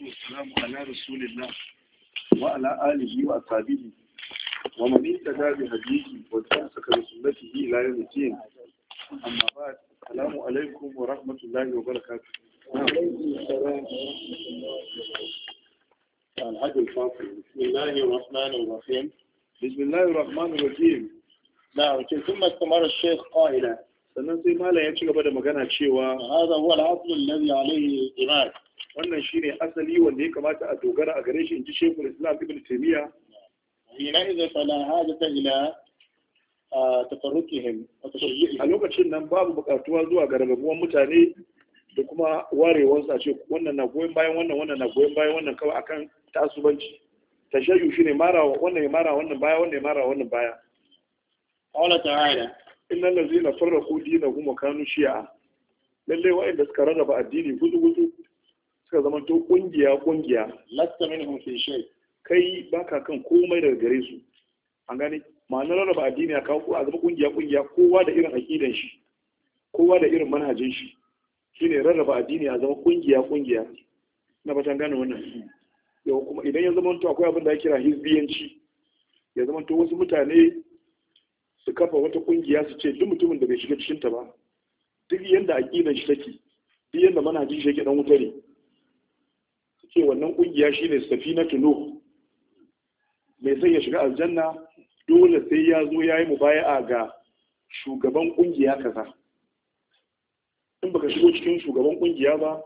salatu wassalamu ala rasulillah wa ala alihi wa ashabihi wa man ittaba bi hadihi wa tamsaka bi sunnatihi ila yawm amma ba'd assalamu wa rahmatullahi wa barakatuh الحج الفاصل بسم الله الرحمن الرحيم بسم الله الرحمن الرحيم نعم ثم استمر الشيخ قائلا sannan sai malam ya ci gaba da magana cewa hadha huwa al-asl alladhi alayhi wannan shi ne asali wanda ya kamata a dogara a gare shi in ji shekul islam ibn taimiyya ina iza fala ta ila tafarruqihim a lokacin nan babu bukatuwa zuwa ga ragabuwan mutane da kuma warewar sa ce wannan na goyon bayan wannan wannan na goyon bayan wannan kawai akan tasubanci tashayyu shine mara wannan ya mara wannan baya wannan ya mara wannan baya qala ta'ala innal ladzina farraqu dinahum wa kanu shi'a lalle wa'inda suka rarraba addini gudu gudu suka zama to kungiya kungiya lasta minhum fi shay kai baka kan komai daga gare su an gane ma'anar rarraba addini a kawo a zama kungiya kungiya kowa da irin aqidan shi kowa da irin manhajin shi shine rarraba addini a zama kungiya kungiya na batan gane wannan yau kuma idan ya zama to akwai abin da ake kira hizbiyanci ya zama to wasu mutane su kafa wata kungiya su ce duk mutumin da bai shiga cikin ta ba duk yanda aqidan shi take duk yanda manhajin shi yake dan wuta ne ce wannan kungiya shine safinatu nuh mai sai ya shiga aljanna dole sai ya zo ya yayi mubaya'a ga shugaban kungiya kaza in baka shigo cikin shugaban kungiya ba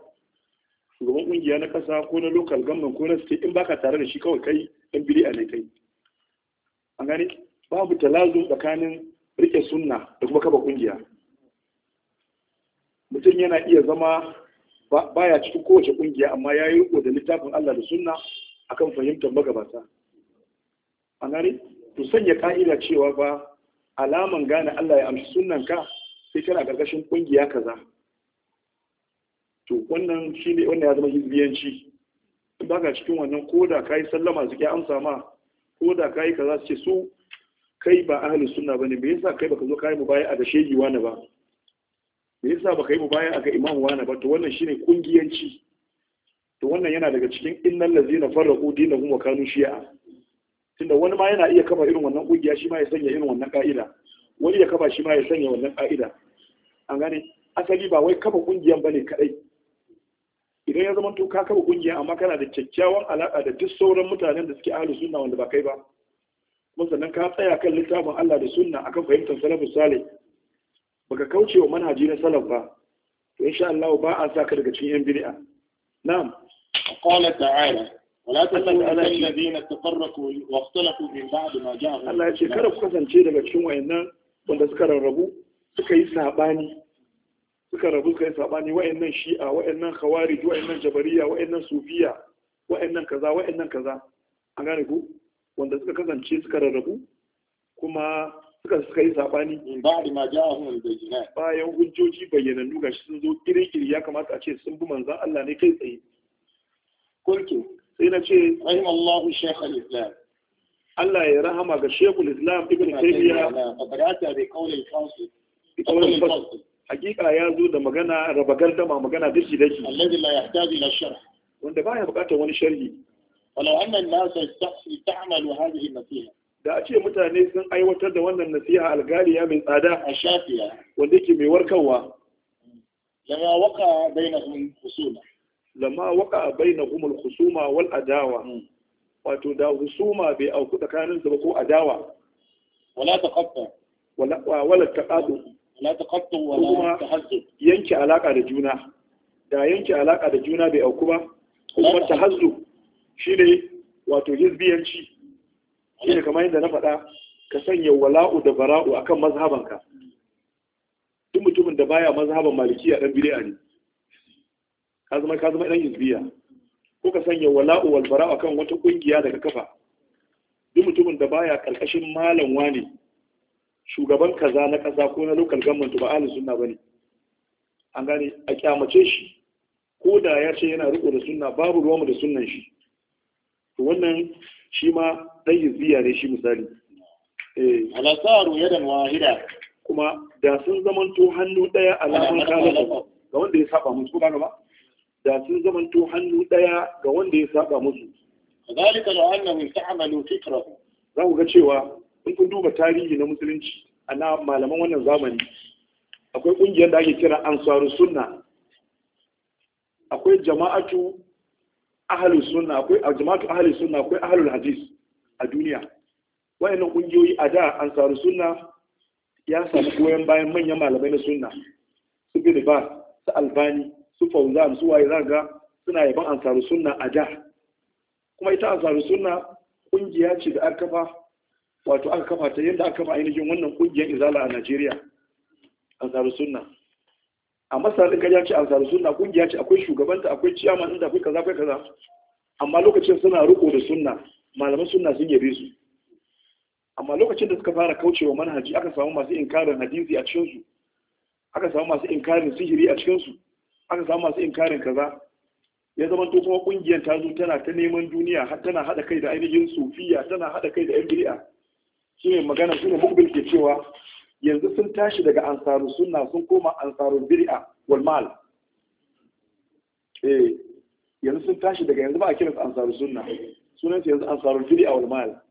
shugaban kungiya na kasa ko na lokal government ko na state in baka tare da shi kawai kai dan a ne kai an gani babu talazu tsakanin rike sunna da kuma kaba kungiya mutum yana iya zama baya cikin kowace kungiya amma ya yi da littafin Allah da sunna akan fahimtar magabata a nari, to sanya ka'ida cewa ba alaman gane Allah ya amshi sunan ka sai kana gargashin kungiya kaza to wannan shi ne wannan ya zama hizbiyanci in baka cikin wannan koda yi sallama su ke amsa ma koda ka kaza su ce su kai ba ahli sunna ne, me yasa kai baka zo kai mu baya a da shegiwa ne ba me yasa baka yi mubaya aka imamu wani ba to wannan shine kungiyanci to wannan yana daga cikin innal ladzina farraqu dinahum wa kanu shi'a tunda wani ma yana iya kafa irin wannan kungiya shi ma ya sanya irin wannan ka'ida wani ya kafa shi ma ya sanya wannan ka'ida an gane asali ba wai kafa kungiyan bane kadai idan ya zama to ka kafa kungiya amma kana da kyakkyawan alaka da duk sauran mutanen da suke ahli sunna wanda ba kai ba kuma sannan ka tsaya kan littafin Allah da sunna akan fahimtar salafus salih baka kauce wa manhaji na salaf ba to insha Allah ba a saka daga cikin yan bid'a na'am qala ta'ala wala ala alladhina tafarraqu wa ikhtalafu min ba'd ma ja'a Allah ya ce kada ku kasance daga cikin wayannan wanda suka rarrabu suka yi sabani suka rabu suka yi sabani wayannan shi'a wayannan khawarij wayannan jabariya wayannan sufiya wayannan kaza wayannan kaza an gane ku wanda suka kasance suka rarrabu kuma suka suka yi sabani in ba ma ja'ahum al bayan hujjoji bayyanannu shi sun zo kirkiri ya kamata a ce sun bi manzan Allah ne kai tsaye kulki sai na ce rahim Allahu shaykh al-islam Allah ya rahama ga shekul islam ibn taymiya fakarata bi qawli al-qasid bi qawli hakika ya zo da magana rabagar dama magana da shi alladhi la yahtaju ila sharh wanda baya bukatar wani sharhi ولو أن الناس تعمل هذه da a ce mutane sun aiwatar da wannan nasiha algariya mai tsada a shafiya wanda ke mai warkarwa lama waka bainahum husuma lama waka bainahum husuma wal adawa hmm. wato da husuma bai auku tsakanin su ba ko adawa wala taqatta wala wala taqadu wala taqatta wala tahazzub yanke alaka da juna da yanke alaka da juna bai auku ba kuma tahazzub shine wato hizbiyanci shi ne kamar yadda na faɗa ka sanya wala'u da bara'u akan mazhabanka duk mutumin da baya mazhaban malikiya ɗan bid'a ne ka zama ka zama ɗan hizbiya ko ka sanya wala'u wal bara'u akan wata ƙungiya daga kafa duk mutumin da baya ƙarƙashin malam wani shugaban kaza na kaza ko na local government ba suna sunna bane an gane a kyamace shi ko da ya ce yana riƙo da sunna babu ruwanmu da sunnan shi wannan shi ma dan hizbiya ne shi misali eh ala yadan wahida kuma da sun zamanto hannu daya alaman kalafa ga wanda ya saba musu ba ba da sun zamanto hannu ɗaya ga wanda ya saba musu zalika la annahu ista'malu fikrahu za ku ga cewa in kun duba tarihi na musulunci ana malaman wannan zamani akwai kungiyar da ake kira ansaru sunna akwai jama'atu ahalus sunna akwai jama'atu ahalus sunna akwai ahalul hadis a duniya wayannan kungiyoyi a da ansaru sunna ya samu goyon bayan manyan malamai na sunna su bin ba su albani su fauzan su waye zaga suna yaban ansaru sunna a da kuma ita ansaru sunna kungiya ce da aka kafa wato aka kafa ta yadda aka kafa ainihin wannan kungiyar izala a Najeriya ansaru sunna a masar gajiya ce a sunna kungiya ce akwai shugabanta akwai ciyaman inda akwai kaza akwai kaza amma lokacin suna riko da sunna malaman sunna sun yabe su amma lokacin da suka fara kaucewa manhaji aka samu masu inkarin hadisi a cikin su aka samu masu inkarin sihiri a cikin su aka samu masu inkarin kaza ya zama to kuma kungiyar ta zo tana ta neman duniya har tana hada kai da ainihin sufiya tana hada kai da ƴan bid'a shine magana shine mukbil ke cewa yanzu sun tashi daga ansaru sunna sun koma ansarun bid'a wal mal eh yanzu sun tashi daga yanzu ba a kiransu ansaru sunna sunan su yanzu ansarun bid'a wal mal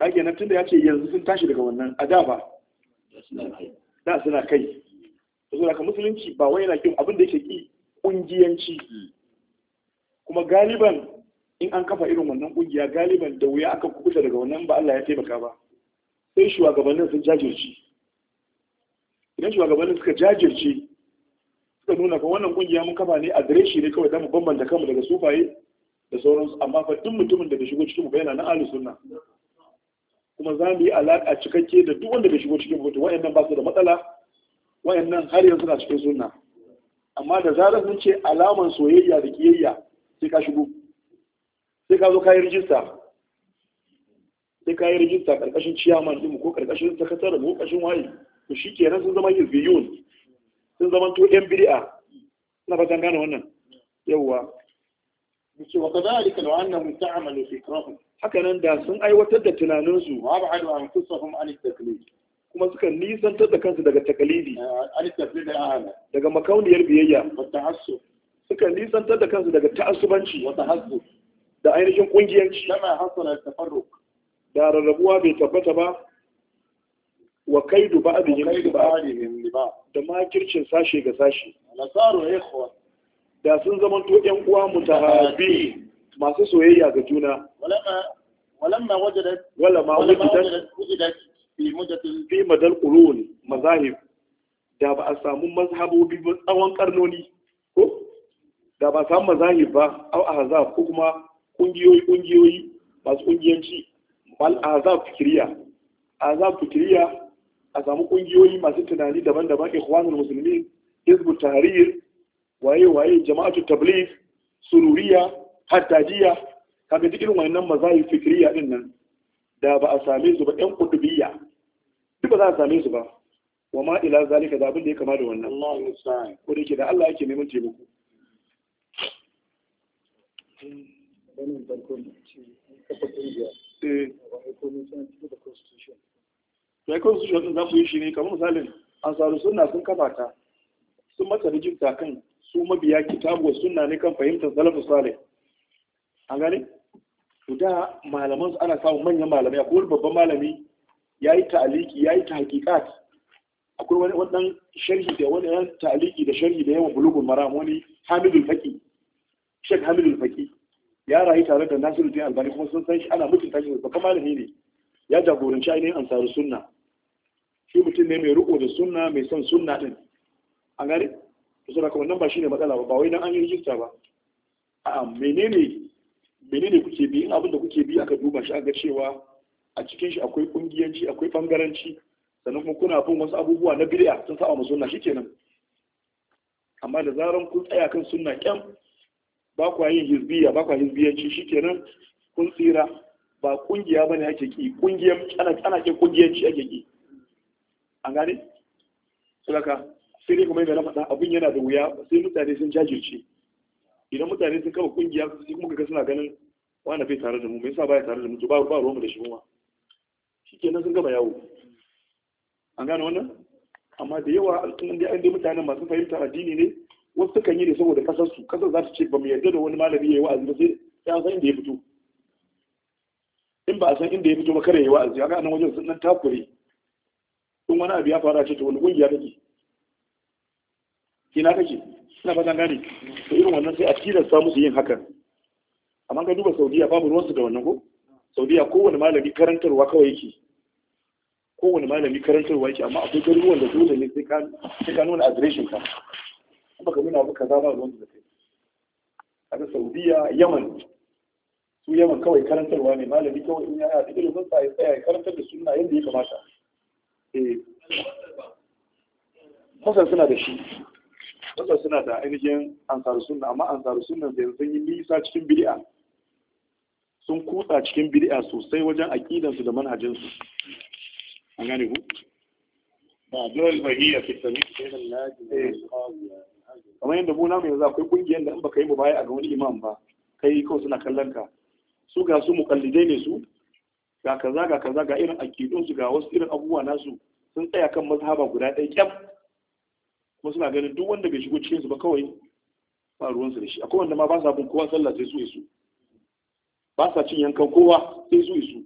kage nan tunda yace yanzu sun tashi daga wannan adaba da suna kai saboda musulunci ba wai yana kin abin da yake ki kungiyanci kuma galiban in an kafa irin wannan kungiya galiban da wuya aka kubuta daga wannan ba Allah ya taimaka ba sai shugabannin sun jajirce. idan shugabannin suka jajirce suka nuna fa wannan kungiya mun kafa ne adireshi ne kawai damu mu bambanta kanmu daga sufaye da sauransu amma fa duk mutumin da bai shigo cikin mu yana na ahlus sunna kuma za mu yi alaƙa cikakke da duk wanda bai shigo cikin hoto wayannan ba su da matsala wayannan har yanzu na cikin sunna amma da zarar mun ce alaman soyayya da kiyayya sai ka shigo sai ka zo kayi rijista sai yi rijista karkashin ciyaman din ko karkashin sakatare ko karkashin waye to shi nan sun zama hizbiyun sun zama to yan bid'a na ba zan gane wannan yawwa yace wa kadhalika law annahum ta'amalu fikrahum haka nan da sun aiwatar da tunaninsu wa ba'adu anfusahum an at-taklif kuma suka nisantar da kansu daga takalidi eh, daga makauniyar biyayya suka nisantar da kansu daga ta'assubanci da ainihin kungiyanci da rarrabuwa bai tabbata ba wa kaidu a kaidu yin ba da makircin sashe ga sashe da sun zama to ƴan uwa mutahabi masu soyayya ga juna walamma ma wajadat walamma wajadat fi mudatil fi madal qurun mazahib da ba a samu mazhabobi ba tsawon karnoni ko da ba a samu mazahib ba au ahzab ko kuma kungiyoyi kungiyoyi masu kungiyanci ahzab fikriya fikriya a samu kungiyoyi masu tunani daban-daban ikhwanul muslimin hizbut tahrir waye waye jama'atu tabligh sururiya haddadiya kaga dukkan wayannan mazahib fikriya din nan da ba a same su ba ɗan kudubiyya duk ba za a same su ba wa ma ila zalika da abin da ya kama da wannan ko da yake da Allah yake neman taimako ce eh to ai kawai su shi za ku yi shi ne kamar misalin ansaru suna sun kafa ta sun mata rijinta kan su mabiya kitabu wa suna ne kan fahimtar salafus salih a gani to da malaman ana samun manyan malamai akwai babban malami ya yi ta'aliki ya yi ta hakikat akwai wani wannan sharhi da wani yan ta'aliki da sharhi da yawan bulugun maram wani Hamidul faki Sheikh Hamidul ya rayu tare da Nasiruddin Albani kuma sun san shi ana mutunta shi babban malami ne ya jagoranci ainihin ansaru sunna shi mutum ne mai riko da sunna mai son sunna din a gari? to da kuma nan ba ne matsala ba ba wai dan an yi rijista ba a'a menene menene kuke bi in abin da kuke bi aka duba shi aka cewa a cikin shi akwai kungiyanci akwai bangaranci sannan kuma kuna bin wasu abubuwa na bid'a sun saba mu sunna shikenan amma da zaran kun tsaya kan sunna kyam ba kwa yin hizbiya ba kwa hizbiyanci shikenan kun tsira ba kungiya bane ake ki kungiyan ana ana ke kungiyanci ake ki an gane saboda sai dai kuma na faɗa abin yana da wuya sai mutane sun jajirce idan mutane sun kama kungiya sai kuma kaga suna ganin wani bai tare da mu mai sa baya tare da mu ba a ruwan mu da shi kuma nan sun gaba yawo an gane wannan amma da yawa alƙalin da an dai mutanen masu fahimtar addini ne wasu sukan yi ne saboda kasarsu, su kasar za ta ce ba mu yarda da wani malami ya yi wa'azi ba sai ya san inda ya fito in ba a san inda ya fito ba kare ya yi wa'azi a nan wajen sun nan takure in wani abu ya fara ce to wani kungiya ke. kina kake suna fatan gane ta irin wannan sai a tilasta musu yin hakan amma ka duba saudiya babu ruwansu da wannan ko saudiya kowane malami karantarwa kawai yake kowane malami karantarwa yake amma akwai garuruwan da dole ne sai ka nuna adireshin ka kuma ka nuna abu kaza ba ruwansu da kai kaga saudiya yaman su yaman kawai karantarwa ne malami kawai in ya yi a cikin rufin sa ya tsaya ya karantar da suna yadda ya kamata Eh. masar suna da shi masar suna da ainihin ansarar suna amma ansarar suna da yanzu yi nisa cikin biri'a sun kutsa cikin biri'a sosai wajen aƙidansu da manhajinsu an gane ku ba dole bahiyya fi sami irin kamar yadda Buna mai yanzu akwai ƙungiyar da in baka yi mu baya a ga wani imam ba kai kawai suna kallon ka su ga su muƙallidai ne su ga kaza ga kaza ga irin akidun su ga wasu irin abubuwa nasu sun tsaya kan mazhaba guda ɗaya kyam kuma suna ganin duk wanda bai shigo cikin su ba kawai ba ruwan su da shi akwai wanda ma ba sa bin kowa sallah sai su isu ba sa cin yankan kowa sai su isu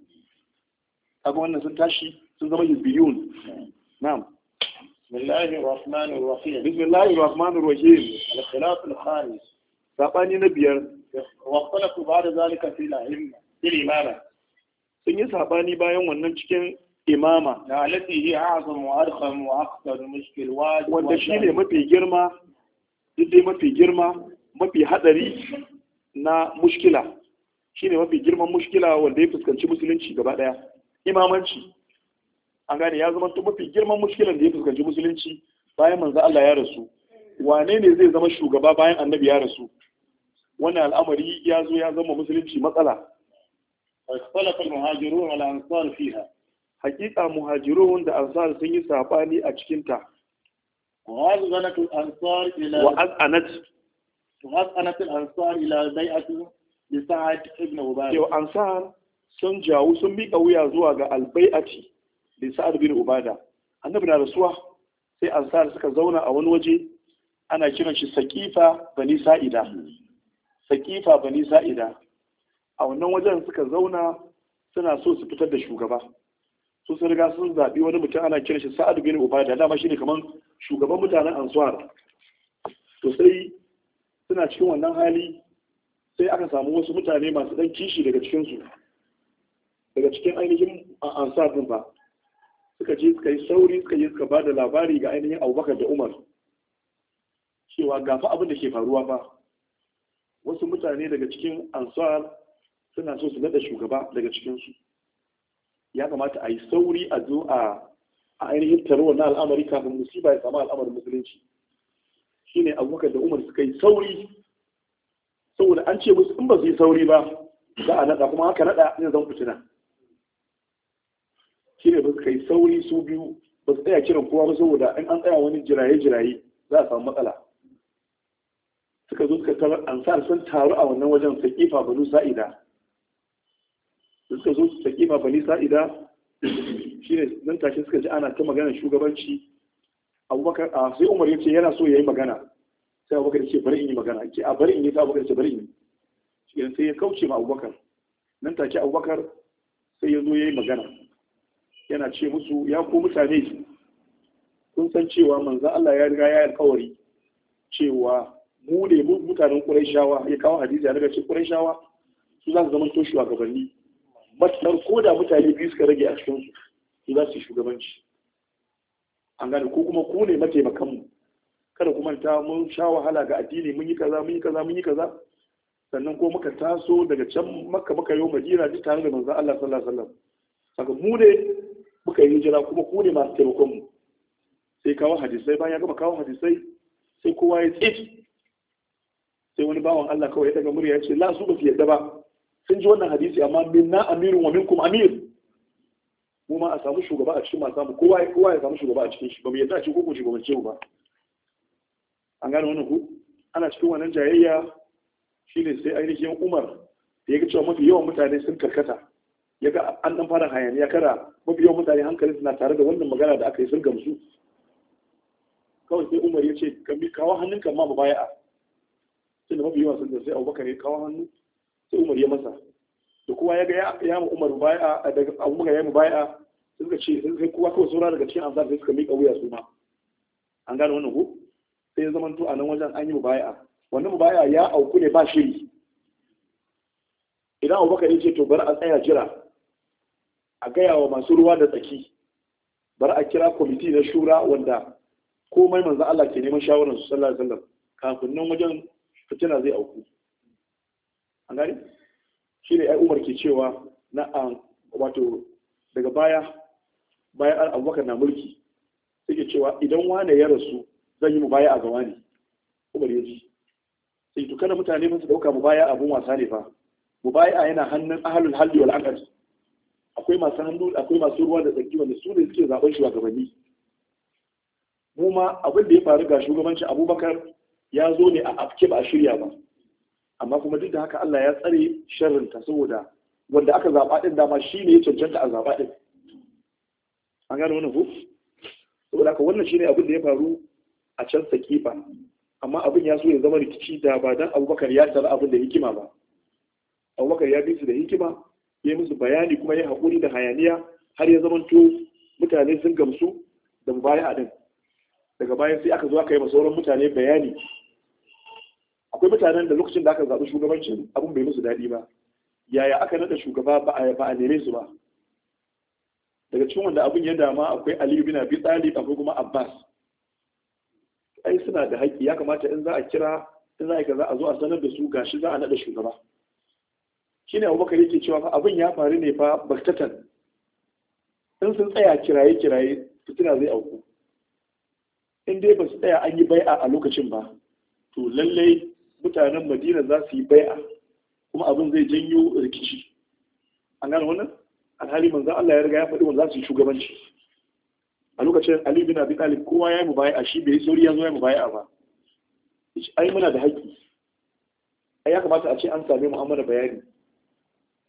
kaga wannan sun tashi sun zama hizbiyun na'am بسم Rahim, الرحمن الرحيم rahim al الرحمن الرحيم الخلاف na ثاني wa khalaqu ba'da zalika fil ilmi في imana sun yi sabani bayan wannan cikin imama da alati hi wanda shine mafi girma dai mafi girma mafi hadari na mushkila shine mafi girman mushkila wanda ya fuskanci musulunci gaba daya imamanci an gane ya zama to mafi girman mushkilan da ya fuskanci musulunci bayan manzo Allah ya rasu wane ne zai zama shugaba bayan annabi ya rasu wannan al'amari ya zo ya zama musulunci matsala اختلف المهاجرون والانصار فيها حقيقه مهاجرون ده أنصار سنجي ساباني أجكنتا وأذعنت الانصار الى وأذعنت وأذعنت الانصار الى بيعه لسعد ابن عباده يو أنصار sun jawo sun miƙa wuya zuwa ga albai'ati da sa'ad bin ubada annabi na rasuwa sai ansar suka zauna a wani waje ana kiran shi saqifa bani sa'ida saqifa sa'ida a wannan wajen suka zauna suna so su fitar da shugaba su sun riga sun zaɓi wani mutum ana kira shi sa'ad bin ubada dama shine kaman shugaban mutanen ansuwar to sai suna cikin wannan hali sai aka samu wasu mutane masu dan kishi daga cikin su daga cikin ainihin ansar din ba suka je suka yi sauri suka yi suka bada labari ga ainihin abubakar da umar cewa gafa abin da ke faruwa ba wasu mutane daga cikin ansar suna so su nada shugaba daga cikinsu ya kamata a yi sauri a zo a ainihin tarowar na al'amari kafin musiba ya samu al'amarin musulunci Shi ne abubakar da umar suka yi sauri saboda an ce musu in ba su yi sauri ba za a nada kuma haka nada ne zan fitina ne ba su kai sauri su biyu ba su tsaya kiran kowa ba saboda in an tsaya wani jiraye-jiraye za a samu matsala suka zo suka tarar ansar sun taru a wannan wajen sai kifa banu sa'ida ma bani sa'ida shi ne nan tashi suka ji ana ta magana shugabanci abubakar a sai umar ya ce yana so ya yi magana sai abubakar ce bari in yi magana ke a bari in yi ta abubakar ce bari in yi shi sai ya kauce ma abubakar nan take abubakar sai ya zo ya yi magana yana ce musu ya ku mutane kun san cewa manzo Allah ya riga ya alkawari cewa mu ne mutanen Qurayshawa ya kawo hadisi ya riga ce Qurayshawa su za su zama to gabanni matuƙar ko da mutane biyu suka rage a cikinsu su za su yi shugabanci an gane ko kuma ku ne mataimakanmu kada kuma ta mun sha wahala ga addini mun yi kaza mun yi kaza mun yi kaza sannan ko muka taso daga can maka muka yi madina duk tare da manzon Allah sallallahu alaihi wasallam saka mu ne muka yi hijira kuma ku ne masu taimakonmu. sai kawo hadisai bayan ya gama kawo hadisai sai kowa ya tsit sai wani bawan Allah kawai ya daga murya ya ce la su ba su yadda ba sun ji wannan hadisi amma minna amirun wa minkum amir mu ma a samu shugaba a cikin masu samu kowa kowa ya samu shugaba a cikin shi ba mu yadda a cikin ku ce mu ba an gane wannan ku ana cikin wannan jayayya shine sai ainihin Umar da ya ga cewa mafi yawan mutane sun karkata ya ga an dan fara hayaniya kara mafi yawan mutane hankalin suna tare da wannan magana da aka yi sun gamsu kawai sai Umar ya ce kawo hannunka ma ba baya a da mafi yawan sun da sai Abubakar ya kawo hannu sai umar ya masa da kowa ya ga ya mu umar baya daga abubakar ya mu baya suka ce sai kowa kawai saura daga cikin amsar sai suka miƙa wuya su ma an gane wannan ko sai ya to a nan wajen an yi mubaya wannan baya ya auku ne ba shiri idan abu ya ce to bari a tsaya jira a gaya wa masu ruwa da tsaki bari a kira kwamiti na shura wanda komai manzo Allah ke neman shawarar su sallallahu alaihi wasallam kafin nan wajen fitina zai auku an gane shi ne umar ke cewa na a wato daga baya bayan abubakar na mulki suke cewa idan wane ya rasu zan yi mu baya a gawa ne umar ya ji sai to da mutane mun dauka mu baya abun wasa ne fa mu baya yana hannun ahalul halli wal aqd akwai masu hannu akwai masu ruwa da tsaki wanda su ne suke zaben shugabanni mu ma abin da ya faru ga shugabanci Abubakar ya zo ne a afke ba a shirya ba amma kuma duk da haka Allah ya tsare sharrinta saboda wanda aka zaba din dama shine ne ya cancanta a zaba din an gano wannan ku saboda haka wannan shine abin da ya faru a can sakifa amma abin ya so ya zama rikici da ba dan Abubakar ya tsara abin da hikima ba Abubakar ya bi su da hikima ya musu bayani kuma ya haƙuri da hayaniya har ya zamanto mutane sun gamsu da mubaya'a din daga bayan sai aka zo aka yi masauran mutane bayani akwai mutanen da lokacin da aka zaɓi shugabancin abin bai musu daɗi ba yaya aka naɗa shugaba ba a neme su ba daga cikin wanda abin ya dama akwai aliyu bin abi talib akwai kuma abbas ai suna da haƙƙi ya kamata in za a kira in za a kaza a zo a sanar da su gashi za a naɗa shugaba shine abubakar yake cewa fa abin ya faru ne fa baktatan in sun tsaya kiraye kiraye fitina zai auku in dai ba su tsaya an yi bai'a a lokacin ba to lallai mutanen madina za su yi bai'a kuma abin zai janyo rikici an gane wannan alhali manzan Allah ya riga ya faɗi wanda za su yi shugabanci a lokacin Ali bin Abi Talib kowa ya yi mu bai'a shi bai sauri ya zo ya yi mu bai'a ba ai muna da haƙƙi ai ya kamata a ce an same mu an bayani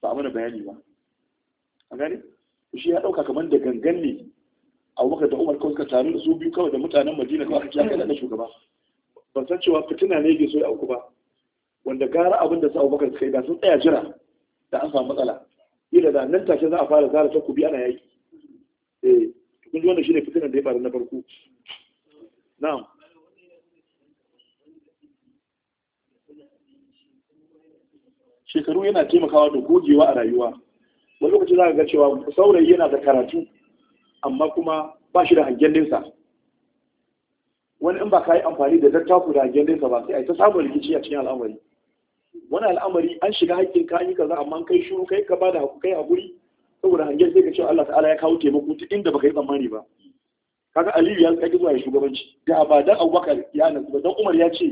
ba a mana bayani ba an gane shi ya ɗauka kamar da gangan ne a wakar da Umar kawai ka taru da su biyu kawai da mutanen Madina kawai aka kiyaye da shugaba ban san cewa fitina ne ke so ya auku ba wanda gara abin da su abubakar suka yi da sun tsaya jira da an samu matsala ila da nan take za a fara zara ta kubi ana yaki eh kun ji wannan shine fitinan da ya faru na farko na'am shekaru yana taimakawa da gogewa a rayuwa wani lokaci za ka ga cewa saurayi yana da karatu amma kuma ba shi da hangen ninsa. wani in ba ka yi amfani da dattaku da hangen ba sai a yi ta samun rikici a cikin al'amari wani al'amari an shiga haƙƙin ka yi kaza amma kai shuru kai ka bada kai haƙuri. saboda hangen sai ka ce Allah ta'ala ya kawo taimako ta inda baka yi tsammani ba kaga Aliyu ya tsaki zuwa shugabanci da ba dan Abubakar ya nasu ba dan Umar ya ce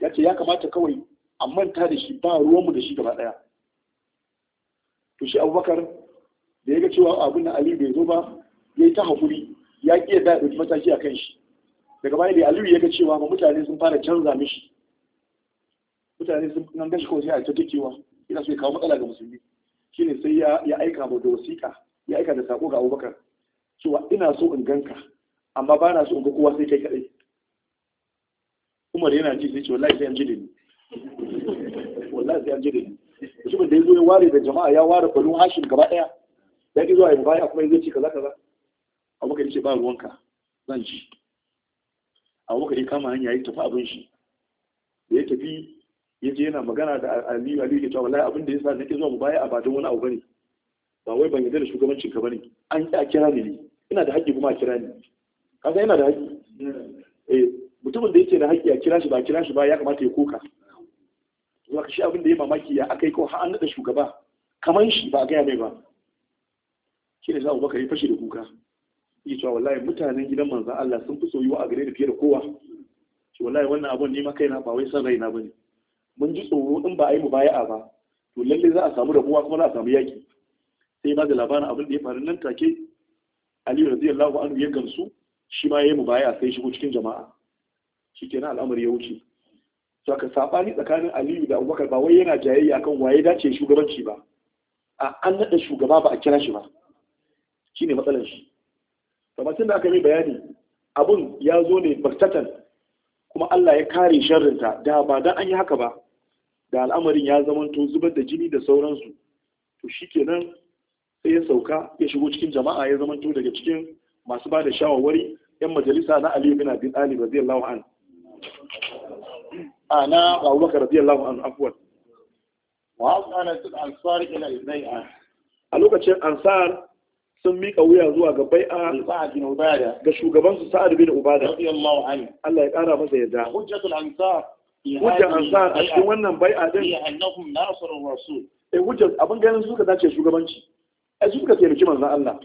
ya ce ya kamata kawai a manta da shi ba ruwanmu da shi gaba daya to shi Abubakar da ya ga cewa abun da Aliyu bai zo ba yayi ta hakuri ya iya ya da mataki a kan shi daga baya da aliyu ya ga cewa ba mutane sun fara canza mishi mutane sun nan gashi kawai sai a ta takewa ina so ya kawo matsala ga musulmi shine sai ya aika ba da wasiƙa ya aika da sako ga abubakar cewa ina so in ganka amma ba na so in ga kowa sai kai kaɗai umar yana ji sai ce wallahi sai an ji da ni wallahi sai an ji da ni mutumin da ya zo ya ware da jama'a ya ware banu hashin gaba ɗaya ya ki zuwa ya baya kuma ya zai ce kaza kaza abubakar ce ba ruwanka zan ji A abubakar ya kama hanya ya tafi abin shi da ya tafi ya je yana magana da aliyu aliyu ya cewa wallahi abin da ya sa nake zuwa mu baya a badin wani abu bane ba wai ban yadda da shugabancin ka bane an yi a kira ni ne ina da haƙƙi kuma a kira ni kaga yana da haƙƙi eh mutumin da yake da haƙƙi a kira shi ba a kira shi ba ya kamata ya koka zuwa shi abin da ya mamaki ya aka yi ko an naɗa shugaba kamar shi ba a gaya mai ba shi ne za a baka yi fashe da kuka yi cewa wallahi mutanen gidan manzan Allah sun fi soyuwa a gare da fiye da kowa ce wallahi wannan abun ne ma kaina ba wai san raina bane mun ji tsoro in ba a yi mu baya'a ba to lalle za a samu rabuwa kuma za a samu yaki sai ba da labarin abin da ya faru nan take Aliyu radiyallahu anhu ya gamsu shi ma yayi mu baya sai shigo cikin jama'a shikenan al'amari ya wuce to aka sabani tsakanin Aliyu da Abubakar ba wai yana jayayya kan waye dace shugabanci ba a an nada shugaba ba a kira shi ba shine matsalar shi kamar da aka yi bayani abun ya zo ne baktatan kuma Allah ya kare sharrinta da ba dan an yi haka ba da al'amarin ya to zubar da jini da sauransu to shikenan sai ya sauka ya shigo cikin jama'a ya to daga cikin masu ba da shawarwari yan majalisa na Ali bin Abi Talib radiyallahu an ana Bakar radiyallahu an afwan wa ana tul ansar ila ibnai a lokacin ansar sun mika wuya zuwa ga bai'a ga shugaban su sa'ad bin ubada Allah ya kara masa yadda. hujjatul ansar a cikin wannan bai'a din annahum nasarur rasul eh hujjar abin ganin suka dace shugabanci ai suka taimaki manzon Allah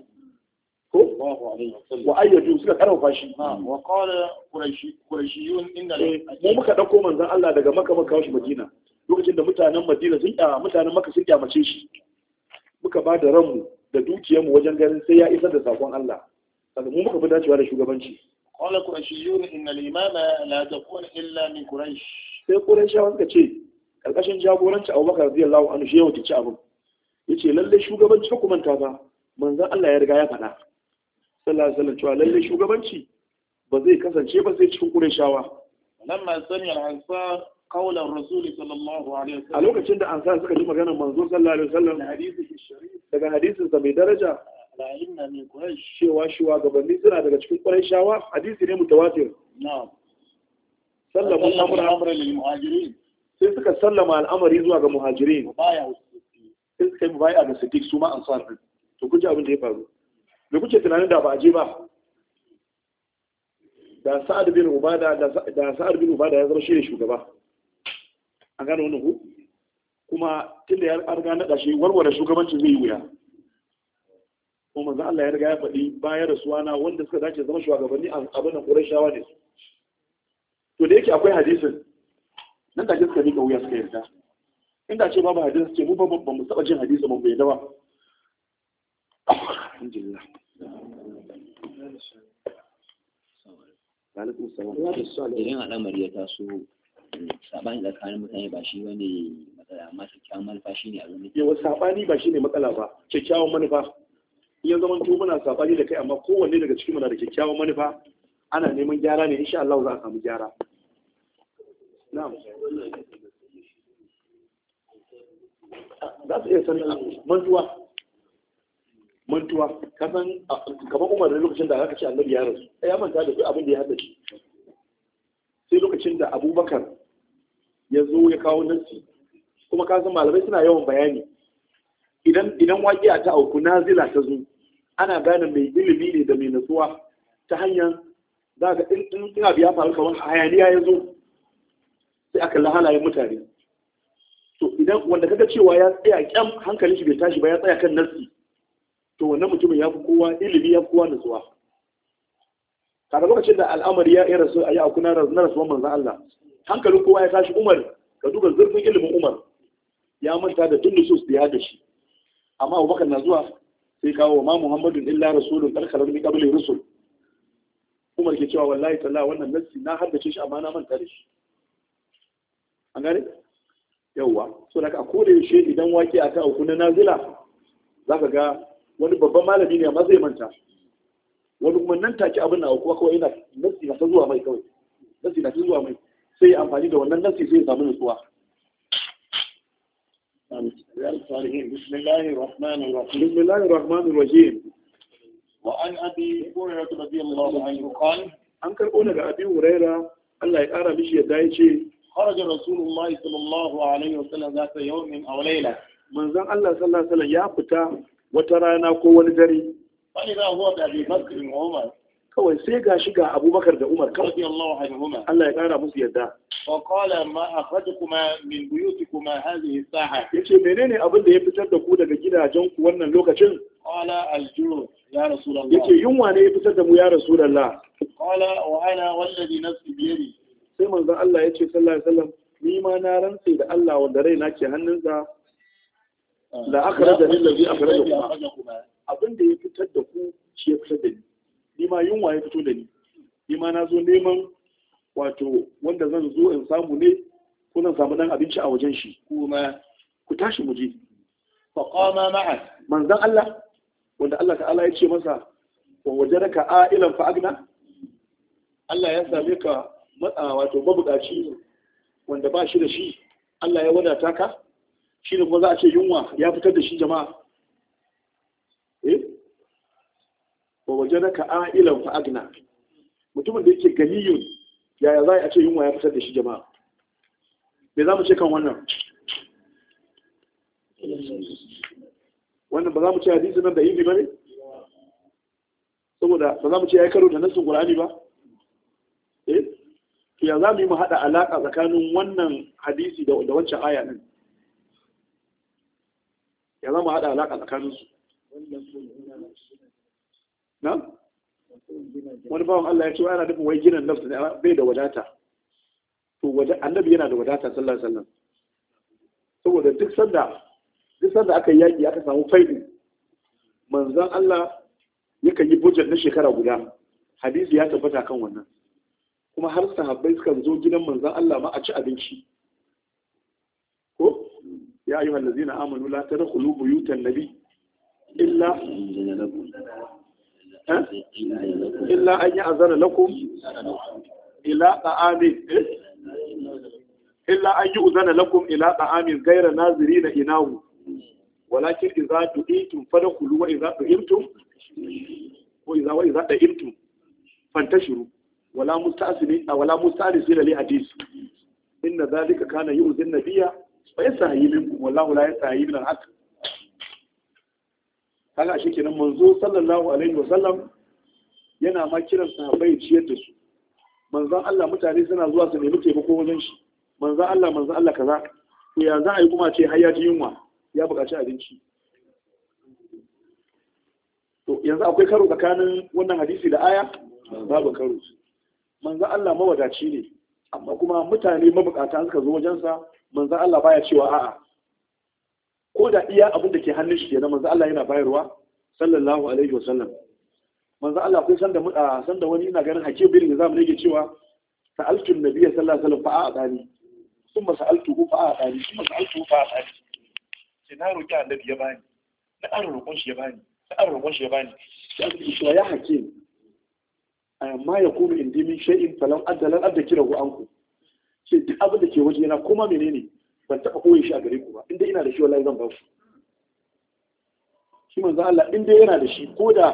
wa ayyadu suka karfafa shi wa qala qurayshiyun inna eh, mu muka dauko manzon Allah daga Makka muka kawo shi Madina lokacin da mutanen Madina sun mutanen Makka sun kyamace shi muka ba da ranmu da dukiyarmu wajen ganin sai ya isar da sakon Allah kaga mu muka fi dacewa da shugabanci qala qurashiyun inna al-imama la takun illa min quraish sai qurayshawa suka ce karkashin jagoranci Abubakar radiyallahu anhu shi ya wuce abin yace lalle shugabanci ku manta ba manzon Allah ya riga ya faɗa sallallahu alaihi wasallam lalle shugabanci ba zai kasance ba sai cikin qurayshawa ma sami al-ansar qaulan rasul sallallahu alaihi wasallam a lokacin da ansar suka ji maganar manzo sallallahu alaihi wasallam daga hadisin sa mai daraja la inna min quraish shewa shewa gabanni suna daga cikin quraishawa hadisi ne mutawatir na'am sallama al'amra lil muhajirin sai suka sallama al'amari zuwa ga muhajirin sai suka yi mubaya ga siddiq su ma ansar din ku kuje abin da ya faru da kuke tunanin da ba a je ba da sa'ad bin ubada da sa'ad bin ubada ya zama shi ne shugaba A gane wani hu? kuma tun da ya riga naɗa shi warware shugabancin zai yi wuya kuma manzo Allah ya riga ya faɗi baya rasuwa suwana wanda suka dace zama shugabanni a abin da Qurayshawa ne to da yake akwai hadisin nan da suka ga wuya suka yarda inda ce babu hadisi ce mu ba ba mu taba jin hadisi mun bai da ba alhamdulillah idan al'amari ya taso sabani tsakanin mutane ba shi wani matsala amma kyakkyawan manufa shi ne a zama yawa sabani ba shi ne matsala ba kyakkyawan manufa iya zaman tu muna sabani da kai amma kowanne daga cikin muna da kyakkyawan manufa ana neman gyara ne insha Allah za a samu gyara na'am za su iya sanar mantuwa mantuwa kasan kamar umar da lokacin da aka ce annabi ya rasu ya manta da abin da ya haddace sai lokacin da abubakar ya zo ya kawo nassi kuma ka san malamai suna yawan bayani idan waƙiya ta auku nazila ta zo ana gane mai ilimi ne da mai natsuwa ta hanyar za ka in ina biya faru kamar hayaniya ya zo sai aka lahalaye mutane to idan wanda kaga cewa ya tsaya kyam hankalin shi bai tashi ba ya tsaya kan nassi to wannan mutumin ya fi kowa ilimi ya fi kowa natsuwa kada lokacin da al'amari ya yi rasu a yi akuna na rasuwan manzan Allah hankalin kowa ya tashi Umar ka duba zurfin ilimin Umar ya manta da tun nusus da ya da shi amma Abubakar na zuwa sai kawo ma Muhammadun illa rasulun karkarar min qabli rusul Umar ke cewa wallahi talla wannan nassi na haddace shi amma na manta da shi an gane yawwa so daga kore shi idan wake a auku na nazila zaka ga wani babban malami ne amma zai manta wani kuma nan take abin na kuma kawai yana nasi na ta zuwa mai kawai nasi na ta zuwa mai sai ya amfani da wannan nasi sai ya samu nutsuwa بسم الله الرحمن الرحيم بسم الله الرحمن الرحيم وعن ابي هريره رضي الله عنه قال an karɓo daga abi huraira Allah ya ƙara mishi yadda ya ce kharaja rasulullahi sallallahu alaihi sallan za ta yawmin aw layla manzon Allah sallallahu alaihi wasallam ya fita wata rana ko wani dare kawai sai ga shiga abubakar da umar kawai Allah ya kara musu yadda وقال ما menene abin da ya fitar da ku daga ku wannan lokacin قال الجوع yunwa ne ya fitar da mu ya rasul Allah قال sai manzo Allah ya sallallahu alaihi wasallam ni ma na rantse da Allah wanda raina ke hannunsa ah. la akhraja lillazi akhrajakuma abin da ya fitar da ku shi ya fitar da ni ni ma yunwa ya fito da ni ni ma na zo neman wato wanda zan zo in samu ne ko samu dan abinci a wajen shi kuma ku tashi mu je fa qama ma'a manzon Allah wanda Allah ta'ala ya ce masa wa wajaraka a'ilan fa agna Allah ya same ka wato mabukaci wanda ba shi da shi Allah ya wadata ka shi ne kuma za a ce yunwa ya fitar da shi jama'a wa wajadaka a'ilan fa agna mutumin da yake ganiyun yaya za a ce yunwa ya fitar da shi jama'a me za mu ce kan wannan wannan ba za mu ce hadisi nan da ibi ba ne saboda ba za mu ce ya yi karo da nassin qur'ani ba eh ya za mu yi mu haɗa alaƙa tsakanin wannan hadisi da wancan aya nan ya za mu haɗa alaƙa tsakanin su. na wani bawan Allah ya ce wa ana nufin wai ginin nafsu ne bai da wadata to annabi yana da wadata sallallahu alaihi wasallam saboda duk sanda duk sanda aka yi yaki aka samu faidi manzon Allah ya yi bujan na shekara guda hadisi ya tabbata kan wannan kuma har sahabbai sukan zo gidan manzon Allah ma a ci abinci ko ya ayyuhallazina amanu la tadkhulu buyutan nabi illa illa an yi azana lakum ila ta'amin illa an yi uzana lakum ila ta'amin gaira naziri na inahu walakin idza du'itum fadkhulu wa idza du'imtum wa idza wa idza da'imtum fantashiru wala a wala musta'sili li hadith inna dhalika kana yu'zi an-nabiyya wa yasahi minkum wallahu la min al-haqq kaga shi kenan manzo sallallahu alaihi wasallam yana ma kiran sahabbai ciyar da su manzon Allah mutane suna zuwa su nemi taimako wajen shi manzon Allah manzon Allah kaza to ya za a yi kuma ce har ya ji yunwa ya buƙaci abinci to yanzu akwai karo tsakanin wannan hadisi da aya babu karo manzon Allah mawadaci ne amma kuma mutane mabukata suka zo wajensa manzon Allah baya cewa a'a ko da iya abin da ke hannun shi kenan manzo Allah yana bayarwa sallallahu alaihi wa sallam manzo Allah kun san da mu san da wani ina ganin hakim bin zamu ne cewa sa'altu nabiy sallallahu alaihi wa sallam fa a'dani thumma sa'altuhu fa a'dani thumma sa'altuhu fa a'dani sai na roki annabi ya bani na ƙara roƙon shi ya bani na ƙara roƙon shi ya bani sai ya hakim amma ya kuma indi min shay'in falan addalan addakirahu anku sai duk abin da ke waje yana kuma menene ban taɓa koyi shi a gare ku ba inda ina da shi wallahi zan ba ku shi manzo Allah inda yana da shi ko da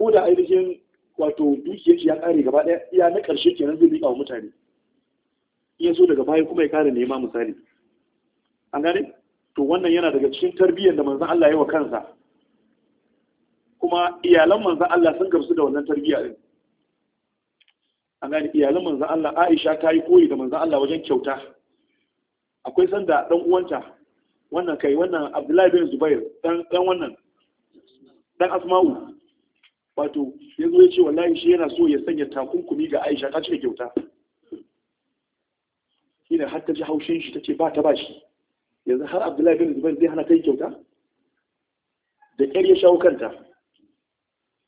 a da ainihin wato dukiyar shi ya kare gaba daya iya na ƙarshe kenan zai miƙa wa mutane iya zo daga baya kuma ya kare nema misali an gane to wannan yana daga cikin tarbiyyar da manzo Allah ya wa kansa kuma iyalan manzo Allah sun gamsu da wannan tarbiyya din an gane iyalan manzo Allah Aisha ta yi koyi da manzo Allah wajen kyauta akwai sanda dan uwanta wannan kai wannan abdullahi bin zubair dan dan wannan dan asma'u wato ya zo ya ce wallahi shi yana so ya sanya takunkumi ga aisha ta cika kyauta shi ne har ta ji haushin shi ta ce ba ta ba shi yanzu har abdullahi bin zubair zai hana ta yi kyauta da ƙyar ya shawo kanta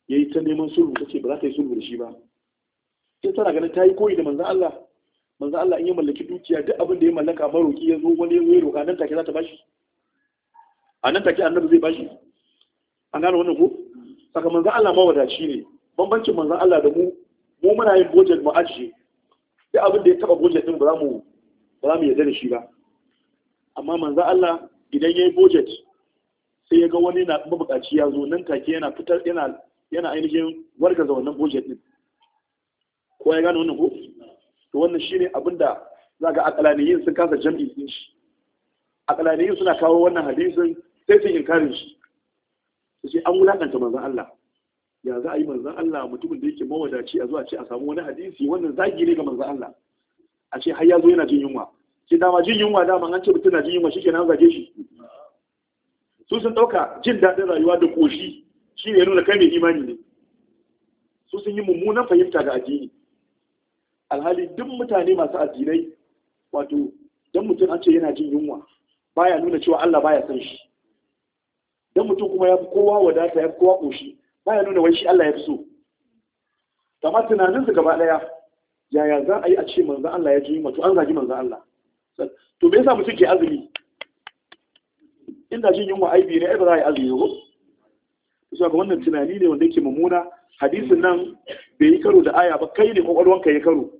ya yi ta neman sulhu ta ce ba za ta yi sulhu da shi ba sai tana ganin ta yi koyi da manzan Allah manzo Allah in ya mallaki dukiya duk abin da ya mallaka maroki ya zo wani ya roka nan take za ta bashi a nan take annabi zai bashi an gane wannan ko saka manzo Allah shi ne bambancin manzo Allah da mu mu muna yin budget mu ajiye duk abin da ya taba budget din ba za mu ba za mu yarda da shi ba amma manzo Allah idan yayi budget sai ya ga wani na mabukaci ya zo nan take yana fitar yana yana ainihin wargaza wannan budget din ko ya gane wannan ko to wannan ne abin da za ga akalaniyin sun kasa jam'i din shi akalaniyin suna kawo wannan hadisin sai sun inkarin shi su ce an wulakanta manzan Allah ya za a yi manzan Allah mutumin da yake mawadaci a zuwa ce a samu wani hadisi wannan zagi ne ga manzan Allah a ce har ya zo yana jin yunwa ce dama jin yunwa dama an ce mutum na jin yunwa shi kenan zage shi su sun ɗauka jin daɗin rayuwa da ƙoshi shi ne nuna kai mai imani ne su sun yi mummunan fahimta ga addini alhali duk mutane masu addinai wato dan mutum an ce yana jin yunwa baya nuna cewa Allah baya san shi dan mutum kuma ya fi kowa wadata ya fi kowa koshi baya nuna wai shi Allah ya fi so kamar tunanin su gaba ɗaya yaya za a yi a ce manzan Allah ya ji yunwa to an zagi manzan Allah to me yasa mutum ke azumi inda jin yunwa aibi ne ai ba za a yi azumi ba kusa ga wannan tunani ne wanda yake mummuna hadisin nan bai yi karo da aya ba kai ne kwakwalwanka ya karo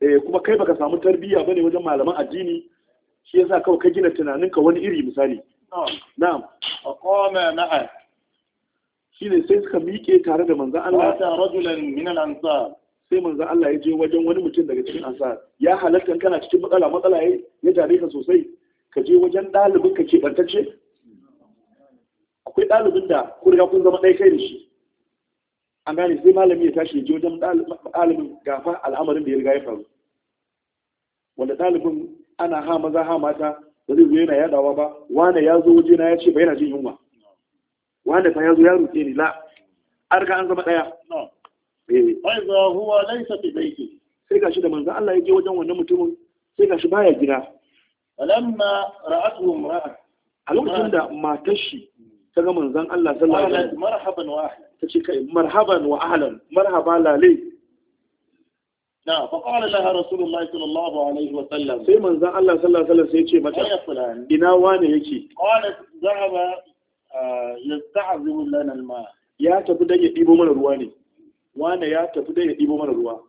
eh kuma kai baka samu tarbiyya bane wajen malaman addini shi yasa kawai ka gina tunaninka wani iri misali na'am aqama ma'a shine sai suka miƙe tare da manzon Allah ta rajulan min al-ansar sai manzon Allah ya je wajen wani mutum daga cikin ansar ya halatta kana cikin matsala matsala ya dare ka sosai ka je wajen dalibin ka ke bantacce akwai ɗalibin da kun ga kun zama ɗaya kai da shi an gane sai malami ya tashi je wajen ɗalibin gafa al'amarin da ya riga ya faru wanda ɗalibin ana ha maza ha mata ba zai zo yana yadawa ba wane ya zo waje na ya ce ba yana jin yunwa wane fa ya zo ya rute ni la an riga an zama ɗaya ga eh. huwa laisa fi baiti sai shi da manzo Allah ya je wajen wannan mutumin sai gashi baya gida alamma ra'atuhu imra'a a lokacin da matar shi ta ga manzon Allah sallallahu alaihi marhaban wa ahlan tace kai marhaban sallallahu alaihi wasallam sai manzon Allah sallallahu ya ce mata ina wane yake ah, ya tafi dan ya dibo mana ruwa ne wane ya tafi dan ya dibo mana ruwa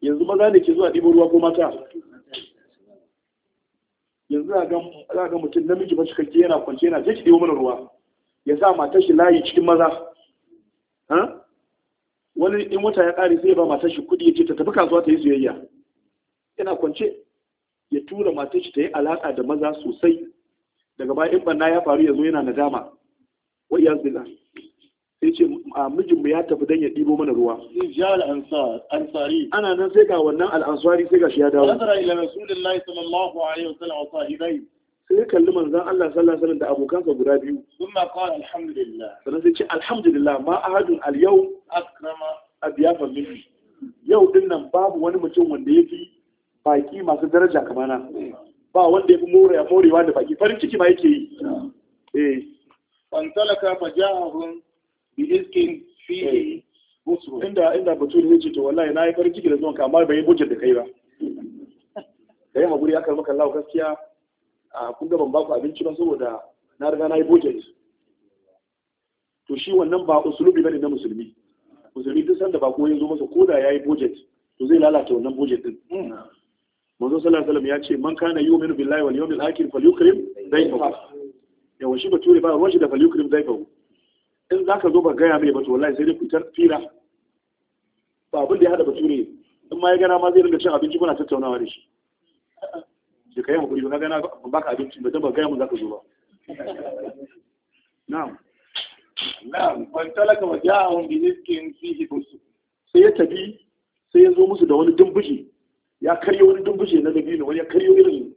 yanzu maza ne ke zuwa dibo ruwa ko mata yanzu za ga mutum namiji ba kake yana kwance yana je ki dibo mana ruwa ya sa matar shi layi cikin maza wani in wata ya ƙare sai ba matar shi kuɗi ya ce ta tafi kasuwa ta yi soyayya yana kwance ya tura matar shi ta yi alaƙa da maza sosai daga baya in banna ya faru ya zo yana nadama wa ya zila sai ce mijinmu ya tafi don ya ɗibo mana ruwa ana nan sai ga wannan al'ansari sai ga shi ya dawo sai kalli manzan Allah sallallahu alaihi da abokansa guda biyu kuma qala alhamdulillah sannan sai ce alhamdulillah ma ahadun al-yawm akrama abiyafa minni yau din nan babu wani mutum wanda ya fi baki masu daraja kamar na ba wanda ya fi morewa da baki farin ciki ma yake yi eh fantalaka fajahum bi iskin fihi busru eh. inda inda batul yace to wallahi na yi farin ciki da zuwan ka amma bai yi bujin da kai ba kai hakuri aka maka Allah gaskiya a kun da ban ba ku abinci ba saboda na riga na yi ne to shi wannan ba usulubi bane na musulmi musulmi duk sanda ba ko zo masa ko da yayi budget to zai lalata wannan budget din manzo sallallahu alaihi wasallam ya ce man kana yu'minu billahi wal yawmil akhir falyukrim dayfahu yawan shi bature ba ruwan shi da falyukrim dayfahu in zaka zo ba ya mai ba to wallahi sai dai fitar fira ba abin da ya hada bature in ma ya gana ma zai ringa cin abinci kuna tattaunawa da shi da kai hakuri ba kaga na baka abinci ba ba gaya mun zaka zo ba na'am na'am fa talaka wa ja'ahum bi rizqin fihi busu sai ya tafi sai ya zo musu da wani dumbuje ya karyo wani dumbuje na dabino wani ya karyo irin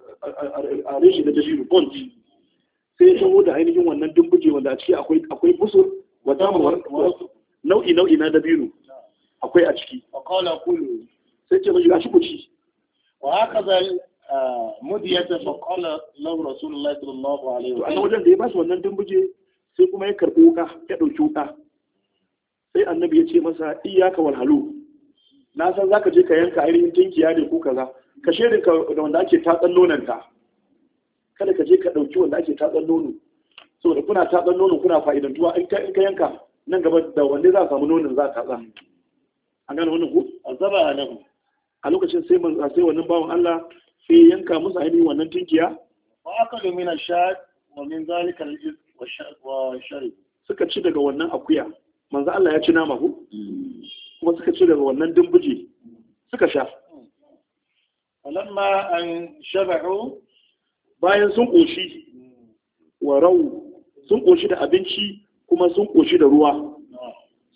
a reshe na dabino bond sai ya taho da ainihin wannan dumbuje wanda a ciki akwai akwai busur wa damar nau'i nau'i na dabino akwai a ciki a kulu. sai ce mashi gashi ku ci wa haka zal mudiyata fa qala lahu rasulullahi sallallahu alaihi wa sallam wajen da ya ba su wannan dumbuje sai kuma ya karɓi wuka ya ɗauki wuka sai annabi ya ce masa iyaka wal halu na san za ka je ka yanka ainihin tinkiya ne ko kaza ka shedin ka da wanda ake tatsan nonon ta kada ka je ka ɗauki wanda ake tatsan nono saboda kuna tatsan nono kuna fa'idantuwa in ka yanka nan gaba da wanda za a samu nonon za a tatsa an gane wannan ko a lahu a lokacin sai sai wannan bawan Allah sai yanka musu ainihin wannan tunkiya wa akalu na ashad wa min zalika wa shari. suka ci daga wannan akuya manzo Allah ya ci nama ku mm. kuma suka ci daga wannan dimbuje suka sha ma an shaba'u bayan sun koshi mm. wa rau sun koshi da abinci kuma sun koshi da ruwa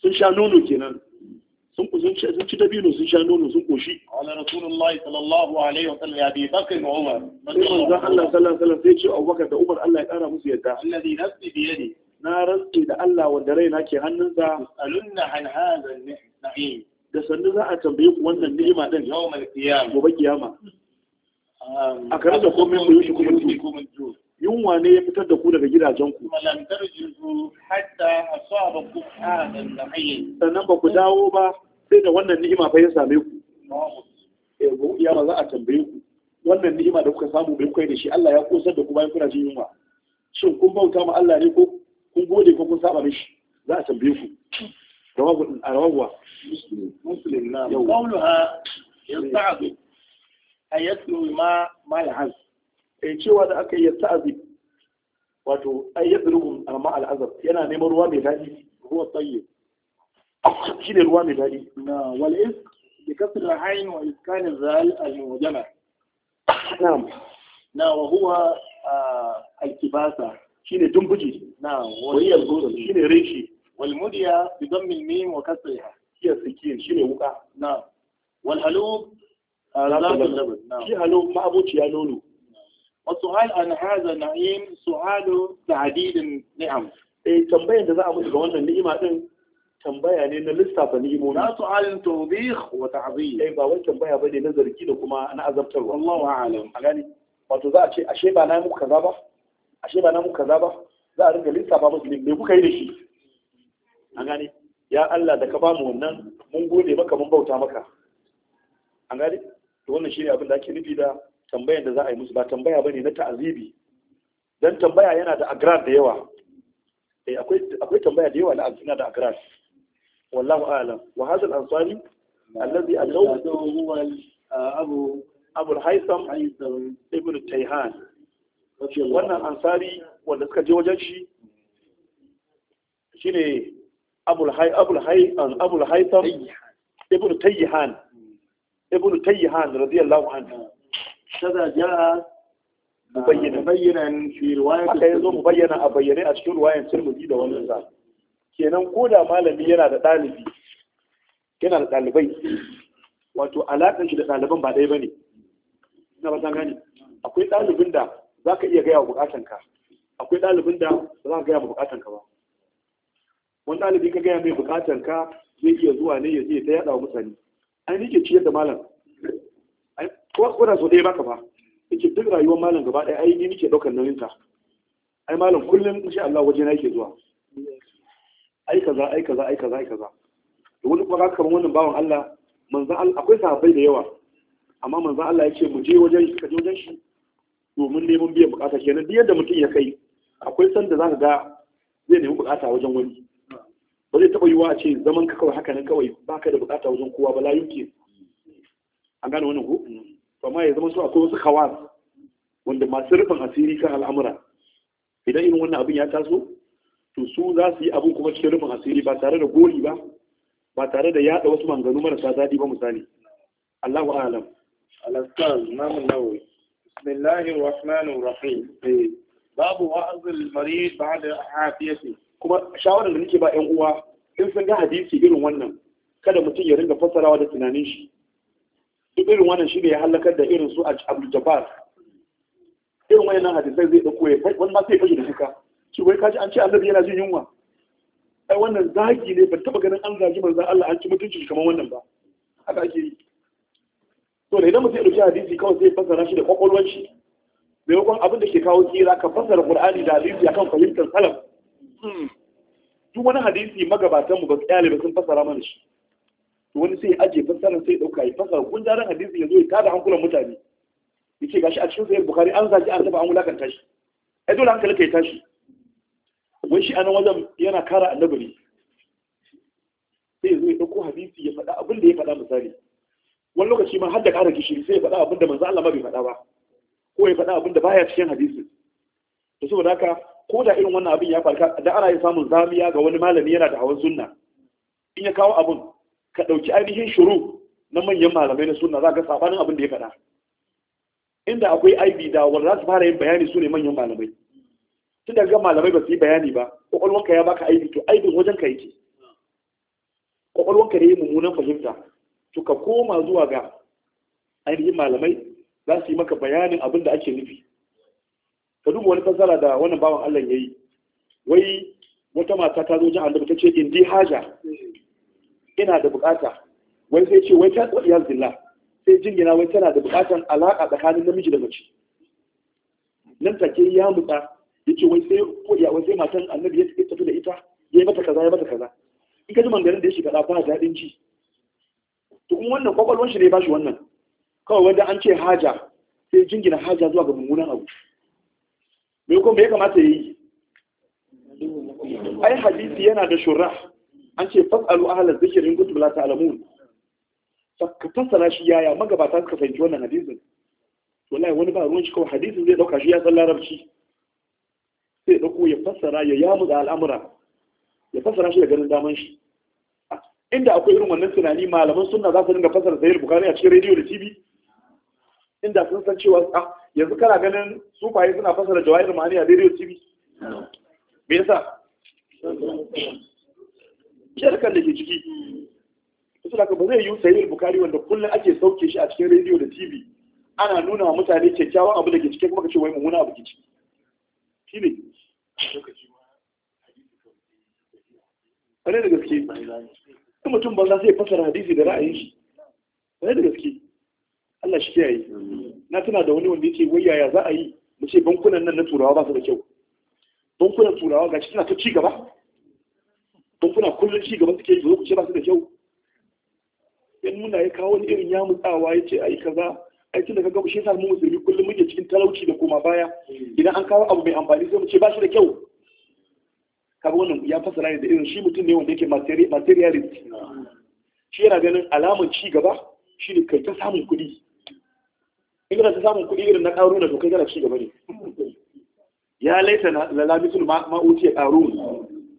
sun sha nono kenan sun ku sun sun ci dabino sun sha nono sun koshi ala rasulullahi sallallahu alaihi wa sallam ya bi bakar da umar sai Allah sallallahu alaihi wasallam sai ce Abubakar da Umar Allah ya kara musu yadda alladhi nafsi bi yadi na rantsi da Allah wanda raina ke hannunsa alunna hadha an-na'im da sannu za a tambaye ku wannan ni'ima din yawmal qiyamah gobe kiyama um, a karanta komai ku yi shi kuma yunwa ne ya fitar da ku daga gidajenku sannan ba ku dawo ba sai da wannan ni'ima fa ya same ku eh, ya ba za a tambaye ku wannan ni'ima da kuka samu bai kai da shi Allah ya kosar da ku bayan kuna jin yunwa shin kun bauta ma Allah ne ko kun gode ko kun saba mishi za a tambaye ku a wa? muslim na qawluha yasta'bu ayatu ma ma yahz eh cewa da aka yi ta'azib wato ay yadruhum amma al'azab yana neman ruwa mai dadi ruwa tsaye shi ne ruwa mai dadi na wal is bi kasr al ayn wa iskan al zal al mujama na'am na wa huwa al kibasa shi ne dumbuji na wa hiya al shi ne reshi wal mudiya bi dam al mim wa kasriha shi hiya sikin ne wuka na wal halub al laban shi halub ma abuci ya nono والسؤال عن هذا النعيم سؤال تعديد النعم eh tambayar da za a ga wannan ni'ima din tambaya ne na lissafa ni'imomi na su'alin tawbih wa ta'dhib eh ba wai tambaya bane na zargi da kuma na azabtarwa wallahu a'lam a gani wato za a ce ashe ba na muku kaza ba ashe ba na muku kaza ba za a ringa lissafa musu ne me kuka yi da shi a gani ya Allah da ka ba mu wannan mun gode maka mun bauta maka an gani to wannan shine abin da ake nufi da tambayar da za a yi musu ba tambaya bane na ta'azibi dan tambaya yana da agrad da yawa eh akwai akwai tambaya da yawa na azina da agrad wallahu a'lam wa hadha al-ansari alladhi adawtu huwa abu abu al-haytham ibn tayhan wannan ansari wanda suka je wajen shi shine abul hay abul hay abul haytham ibn tayhan ibn tayhan radiyallahu anhu ah. أرشد جاء مبينا مبينا في رواية haka yazo mubayyana a bayyane a cikin ruwayan Tirmidhi da wannan sa kenan ko da malami yana da dalibi yana da dalibai wato alakan shi da ɗaliban ba ɗaya ba ne? ina ba san gane akwai ɗalibin da za ka iya gaya wa bukatan ka akwai ɗalibin da ba za ka gaya wa bukatan ka ba wani ɗalibi ka gaya mai bukatan ka zai iya zuwa ne ya je ta yaɗa wa mutane an nike ciyar da malam ko ko so ɗaya baka ba yake duk rayuwar malam gaba ɗaya ai ni nake ɗaukar nauyin ta ai malam kullum insha Allah waje na yake zuwa ai kaza ai kaza ai kaza ai kaza da wani kuma kamar wannan bawan Allah manzo Allah akwai sahabbai da yawa amma manzo Allah ya ce mu je wajen shi je wajen shi domin neman biyan bukata kenan duk yadda mutum ya kai akwai sanda zaka ga zai nemi bukata wajen wani ba zai taɓa yiwa a ce zaman ka kawai haka nan kawai baka da bukata wajen kowa ba la yuke an gane wannan ko amma ya zama su akwai wasu kawar wanda masu rufin asiri kan al'amura idan irin wannan abin ya taso to su za su yi abin kuma cikin rufin asiri ba tare da gori ba ba tare da yada wasu manganu marasa daɗi ba misali Allahu alam al-asqal imam an-nawawi bismillahir rahmanir rahim eh. babu wa'azil ba da afiyati kuma shawarar da nake ba 'yan uwa in sun ga hadisi irin wannan kada mutum ya ringa fassarawa da tunanin shi duk irin wannan shi ne ya halakar da irin su abu jabar irin nan hadisai zai dauko ya wani ma sai fashi da shika shi wai kaji an ce annabi yana jin yunwa ai wannan zagi ne ban taba ganin an zagi manzan Allah an ci mutunci shi kamar wannan ba haka ake yi to da idan mutum ya dauki hadisi kawai sai fassara shi da kwakwalwanci maimakon abin da ke kawo tsira ka fassara Qur'ani da hadisi akan fahimtar salaf hmm. duk wani hadisi magabatan mu su kyale ba sun fassara mana shi wani sai ya aje fassara sai ya dauka ya fassara jaran hadisi ya zo ya tada hankulan mutane yace gashi a cikin sayar bukhari an zaki taba an wulakan tashi. ai dole hankali kai tashi wai shi anan wajen yana kara annabi ne sai ya zo ya dauko hadisi ya faɗa abin da ya faɗa misali wani lokaci ma har da ƙara gishiri sai ya faɗa abin da manzo Allah ma bai faɗa ba ko ya faɗa abin da baya cikin hadisi to saboda haka ko da irin wannan abin ya farka da ana yin samun zamiya ga wani malami yana da hawan sunna in ya kawo abin ka ɗauki ainihin shuru na manyan malamai na suna za ka sabanin abin da ya faɗa inda akwai aibi da wanda za su fara yin bayani su ne manyan malamai tun daga ga malamai ba su yi bayani ba kwakwalwanka ya baka aibi to aibi wajen ka yake kwakwalwanka da yi mummunan fahimta to ka koma zuwa ga ainihin malamai za su yi maka bayanin abin da ake nufi ka duba wani fassara da wannan bawan Allah ya yi wai wata mata ta zo jin annabi ta ce in di haja ina da bukata wai sai ce wai ta tsoyi ya zilla sai jingina wai tana da bukatan alaƙa tsakanin namiji da mace nan take ya mutsa ya ce wai sai kodiya wai sai matan annabi ya tafi da ita ya yi mata kaza ya mata kaza in ka ji mangarin da ya shiga da daɗin ji to kuma wannan kwakwalwar shi ne ba shi wannan kawai wanda an ce haja sai jingina haja zuwa ga mummunan abu me kuma ya kamata ya yi ai hadisi yana da shura. an ce fasalu ahlaz zikri in kuntum la ta'lamun ka fasara shi yaya magabata suka fahimci wannan hadisin wallahi wani ba ruwan shi kawai hadisin zai dauka shi ya san larabci sai dauko ya fasara ya yamu da al'amura ya fasara shi da ganin daman shi inda akwai irin wannan tunani malaman sunna za su dinga fassara sahih bukhari a cikin rediyo da tv inda sun san cewa ah, yanzu kana ganin sufaye suna fasara jawahir ma'ani a rediyo tv me yasa shirkar da ke ciki su da ba zai yi sayi bukari wanda kullum ake sauke shi a cikin rediyo da tv ana nuna wa mutane kyakkyawan abu da ke ciki kuma ka ce wai mummuna abu ke ciki shi ne da gaske in mutum banza sai fasara hadisi da ra'ayin shi da gaske Allah shi kiyaye na tuna da wani wanda yake wai yaya za a yi mu ce bankunan nan na turawa ba su da kyau bankunan turawa ga shi suna ta ci gaba kullum ci gaba suke zo ku ce ba su da kyau in muna ya kawo wani irin ya mutsawa ya ce ai kaza ai tun da kaga shi yasa mu musulmi kullum muke cikin talauci da koma baya idan an kawo abu mai amfani sai mu ce ba shi da kyau kaga wannan ya fasara ne da irin shi mutum ne wanda yake materialist shi yana ganin alamar ci gaba shi ne kai ta samun kuɗi in kana ta samun kuɗi irin na ƙaro na dokai kana ci gaba ne ya laita na lalamisul ma'uti ya ƙaro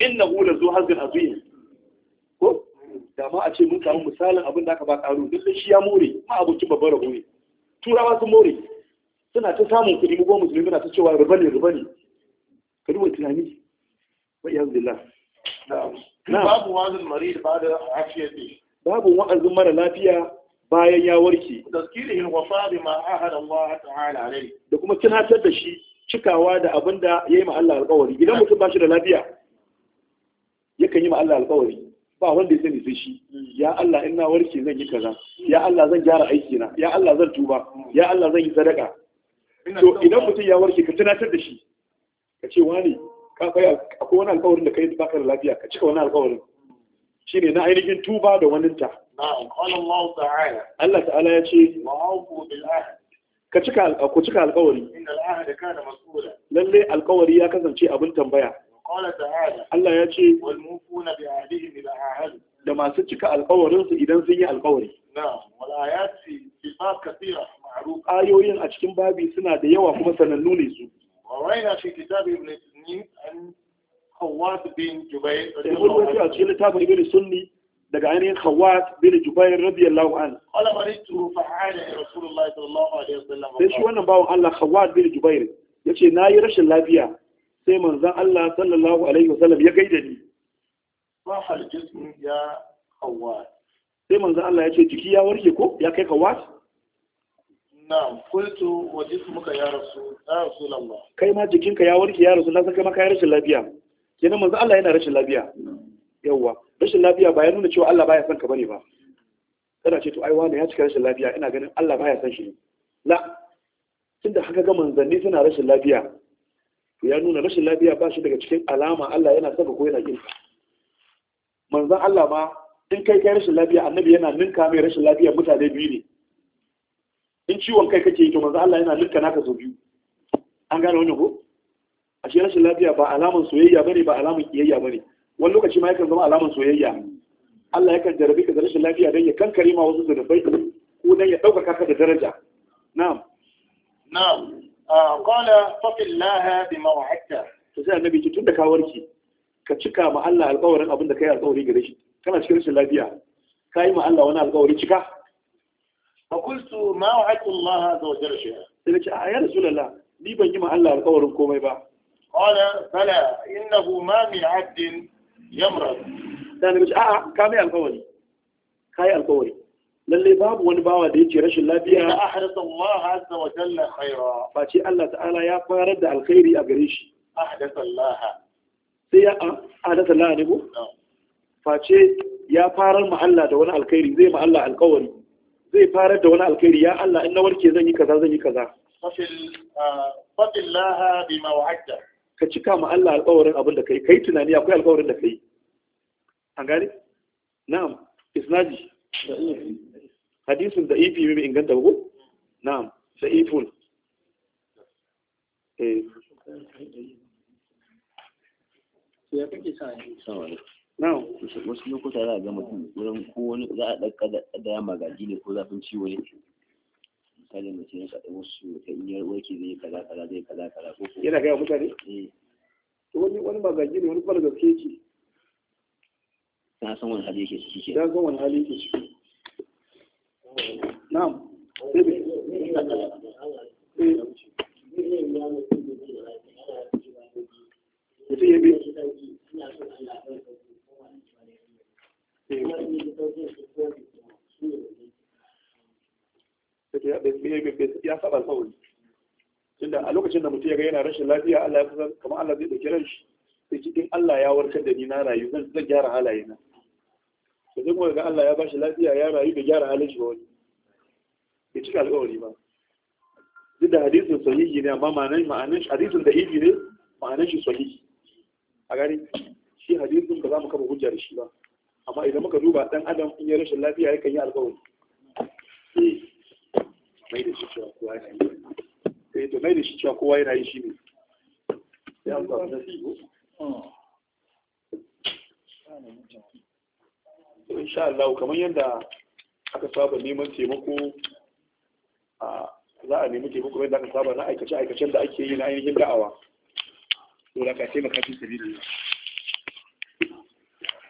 inna hu la zu hazin azim da ma a ce mun samu misalin abin da aka ba karu, duk shi ya more ma abokin babban rabo ne turawa sun more suna ta samun kuɗi mu musulmi muna ta cewa riba ne riba ne ka duba tunani wa iyaz billah babu wazin marid ba da afiyati babu wa'azin mara lafiya bayan ya warke tazkirihi wafa bima ahada Allah ta'ala alai da kuma tunatar da shi cikawa da abin da yayi ma Allah alƙawari idan mutum ba shi da lafiya yakan yi ma Allah alƙawari ba wanda ya sani sai shi ya Allah in na warke zan yi kaza ya Allah zan gyara aiki na ya Allah zan tuba ya Allah zan yi sadaka to idan mutum ya warke ka tunatar da shi ka ce wani ka kai akwai wani alƙawarin da kai baka da lafiya ka cika wani alƙawarin shine na ainihin tuba da waninta ta Allah ta'ala Allah ta'ala ya ce wa'ufu bil ka cika alƙawari inna kana lalle alƙawari ya kasance abin tambaya Allah ya ce da masu cika alkawarinsu idan sun yi alkawari ayoyin a cikin babi suna da yawa kuma sanannu ne su Ibn a cikin littafin Ibn Sunni daga ainihin Khawat bin Jubair radiyallahu an. Qala Sai shi wannan bawon Allah Khawat bin Jubair na yi rashin lafiya sai manzan Allah sallallahu alaihi wasallam ya gaida ni sahal jism ya hawa sai manzan Allah ya ce jiki ya warke ko ya kai hawa na'am waje wa jismuka ya rasu, ya lamba. kai ma jikinka ya warke ya rasu, na san kai ma ya rashin lafiya kenan manzan Allah yana rashin lafiya yawwa rashin lafiya ba ya nuna cewa Allah baya son ka bane ba kana ce to ai wani ya cika rashin lafiya ina ganin Allah baya son shi la tunda haka ga manzanni suna rashin lafiya ya nuna rashin lafiya ba shi daga cikin alama Allah yana saka ko yana kinka manzan Allah ma in kai kai rashin lafiya annabi yana ninka mai rashin lafiya mutane biyu ne in ciwon kai kake yi to manzan Allah yana ninka naka sau biyu an gane wani ko ashe rashin lafiya ba alamun soyayya bane ba alaman kiyayya bane wani lokaci ma yakan zama alamun soyayya Allah yakan jarabi ka da rashin lafiya dan ya kankare ma wasu zunubai ko dan ya ɗaukaka ka da daraja na'am na'am Ah, qala faqillaha bima wa'adta to sai annabi ce tunda ka warke ka cika ma Allah alƙawarin abin da ka yi alƙawari gare shi kana cikin rashin lafiya ka yi ma Allah wani alƙawari cika fa qultu ma wa'adtu Allah azza wa jalla shay'a sai ce ah, ya rasulullah ni ban yi ma Allah alƙawarin komai ba qala bala innahu ma min 'abdin yamrad sai annabi ce a'a ka mai alƙawari kai alƙawari lalle babu wani bawa da yake rashin lafiya ya ahrasa Allah azza wa jalla khaira face Allah ta'ala ya farar da alkhairi a gare shi ahdasa Allah sai ya ah, ahdasa Allah ne ko face ya farar ma Allah da wani alkhairi zai ma Allah alkawari zai farar da wani alkhairi ya Allah in na warke zan yi kaza zan yi kaza fatillaha ah, bima wa'adta ka cika ma Allah alkawarin abin da kai kai tunani akwai alkawarin da kai an gane na'am isnadi hadisin da ifi mai inganta hukun? na'am sai ifun eh ya sa wasu lokuta za a ga mutum wurin ko wani za a ɗauka da ya magaji ne ko zafin ciwo ne misali mutum ya kaɗa wasu ta inyar wake zai kaza kaza zai kaza kaza ko yana gaya mutane eh. wani wani magaji ne wani fara gaske ce na san wani hali yake ciki ke na san wani hali yake ciki na'am a lokacin da mutum ya ga yana rashin lafiya Allah ya kusa kamar Allah zai ɗauki ran shi sai cikin Allah ya warkar da ni na rayu zan gyara halayena da zai kuma ga Allah ya bashi lafiya ya rayu da gyara halin shi wani ya cika alƙawari ba duk da hadisin sahihi ne amma ma'anar ma'anar shi hadisin da ibi ne ma'anar shi sahihi a gari shi hadisin ba za mu kama hujjar shi ba amma idan muka duba dan adam in ya rashin lafiya ya kan yi alƙawari eh. mai da shi cewa kowa yana yi eh, to mai da shi cewa kowa yana yi shi ne ya amfani da shi ko In insha Allah kamar yadda aka saba neman taimako a za a nemi taimako yadda aka saba na aikace aikacen da ake yi na ainihin da'awa to da ka taimaka fi sabilillah